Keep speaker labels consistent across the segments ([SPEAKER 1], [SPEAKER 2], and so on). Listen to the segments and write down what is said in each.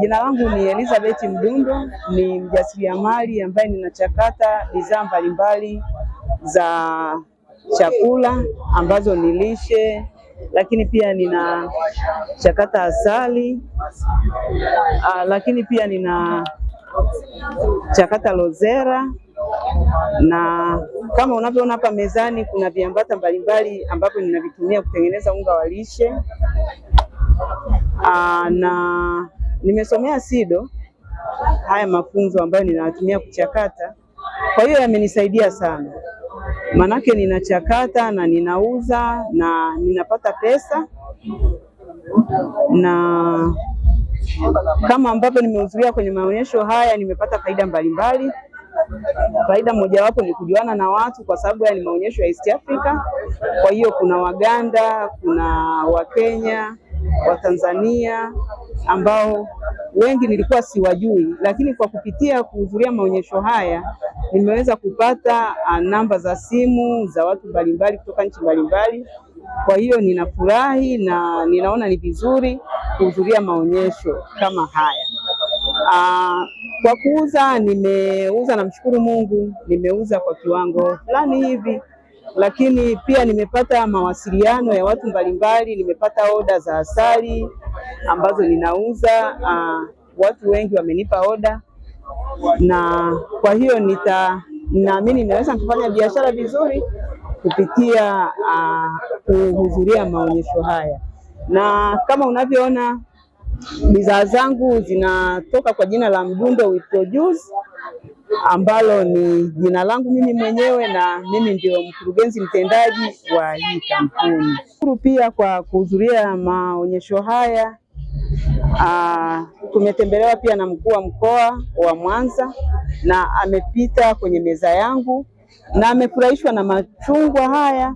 [SPEAKER 1] Jina langu ni Elizabeth Mdundo, ni mjasiriamali ambaye ninachakata bidhaa mbalimbali za chakula ambazo ni lishe, lakini pia ninachakata asali a, ah, lakini pia nina chakata lozera na kama unavyoona hapa mezani kuna viambata mbalimbali ambavyo ninavitumia kutengeneza unga wa lishe. Aa, ah, na nimesomea SIDO haya mafunzo ambayo ninatumia kuchakata, kwa hiyo yamenisaidia sana, manake ninachakata na ninauza na ninapata pesa, na kama ambavyo nimehudhuria kwenye maonyesho haya nimepata faida mbalimbali Faida mojawapo ni kujuana na watu, kwa sababu haya ni maonyesho ya East Africa. Kwa hiyo kuna Waganda, kuna Wakenya, Watanzania ambao wengi nilikuwa siwajui, lakini kwa kupitia kuhudhuria maonyesho haya nimeweza kupata ah, namba za simu za watu mbalimbali kutoka nchi mbalimbali. Kwa hiyo ninafurahi na ninaona ni vizuri kuhudhuria maonyesho kama haya. Aa, ah, kwa kuuza nimeuza, namshukuru Mungu, nimeuza kwa kiwango fulani hivi lakini pia nimepata mawasiliano ya watu mbalimbali. Nimepata oda za asali ambazo ninauza. Uh, watu wengi wamenipa oda, na kwa hiyo nita naamini ninaweza kufanya biashara vizuri kupitia uh, kuhudhuria maonyesho haya, na kama unavyoona bidhaa zangu zinatoka kwa jina la Mdundo We Produce ambalo ni jina langu mimi mwenyewe na mimi ndio mkurugenzi mtendaji wa hii kampuni. Shukuru pia kwa kuhudhuria maonyesho haya. Aa, ah, tumetembelewa pia na mkuu wa mkoa wa Mwanza na amepita kwenye meza yangu na amefurahishwa na machungwa haya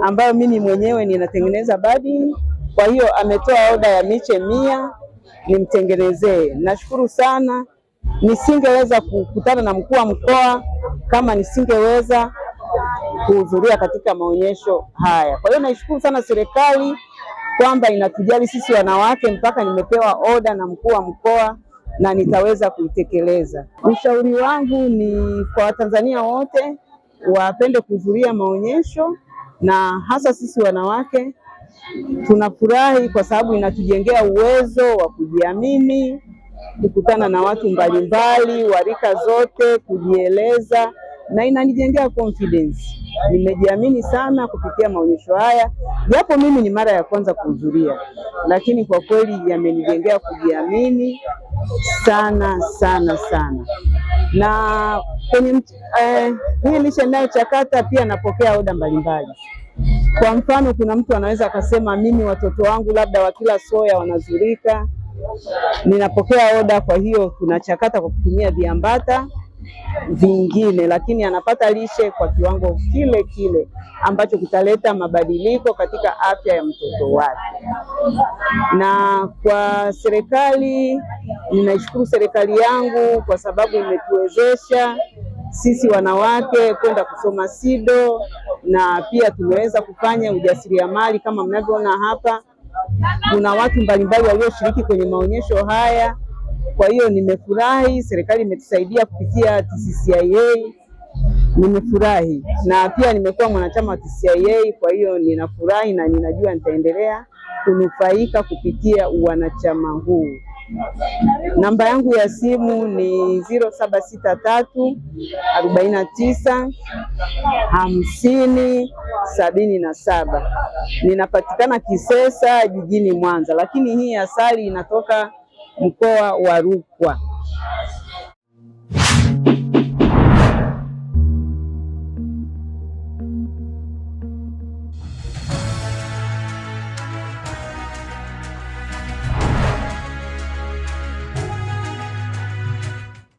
[SPEAKER 1] ambayo mimi mwenyewe ninatengeneza badini. Kwa hiyo ametoa oda ya miche mia nimtengenezee. Nashukuru sana nisingeweza kukutana na mkuu wa mkoa kama nisingeweza kuhudhuria katika maonyesho haya. Kwa hiyo naishukuru sana serikali kwamba inatujali sisi wanawake, mpaka nimepewa oda na mkuu wa mkoa na nitaweza kuitekeleza. Ushauri wangu ni kwa Watanzania wote wapende kuhudhuria maonyesho na hasa sisi wanawake tunafurahi kwa sababu inatujengea uwezo wa kujiamini kukutana na watu mbalimbali wa rika zote, kujieleza na inanijengea confidence. Nimejiamini sana kupitia maonyesho haya, japo mimi ni mara ya kwanza kuhudhuria, lakini kwa kweli yamenijengea kujiamini sana sana sana. Na kwenye eh, hii lishe inayochakata pia napokea oda mbalimbali. Kwa mfano, kuna mtu anaweza akasema, mimi watoto wangu labda wakila soya wanazurika ninapokea oda, kwa hiyo tunachakata kwa kutumia viambata vingine, lakini anapata lishe kwa kiwango kile kile ambacho kitaleta mabadiliko katika afya ya mtoto wake. Na kwa serikali, ninaishukuru serikali yangu kwa sababu imetuwezesha sisi wanawake kwenda kusoma SIDO na pia tumeweza kufanya ujasiriamali kama mnavyoona hapa kuna watu mbalimbali walioshiriki kwenye maonyesho haya. Kwa hiyo nimefurahi, serikali imetusaidia kupitia TCCIA, nimefurahi na pia nimekuwa mwanachama wa TCCIA. Kwa hiyo ninafurahi na ninajua nitaendelea kunufaika kupitia uwanachama huu. Namba yangu ya simu ni 0763 49 50 77. Ninapatikana Kisesa jijini Mwanza, lakini hii asali inatoka mkoa wa Rukwa.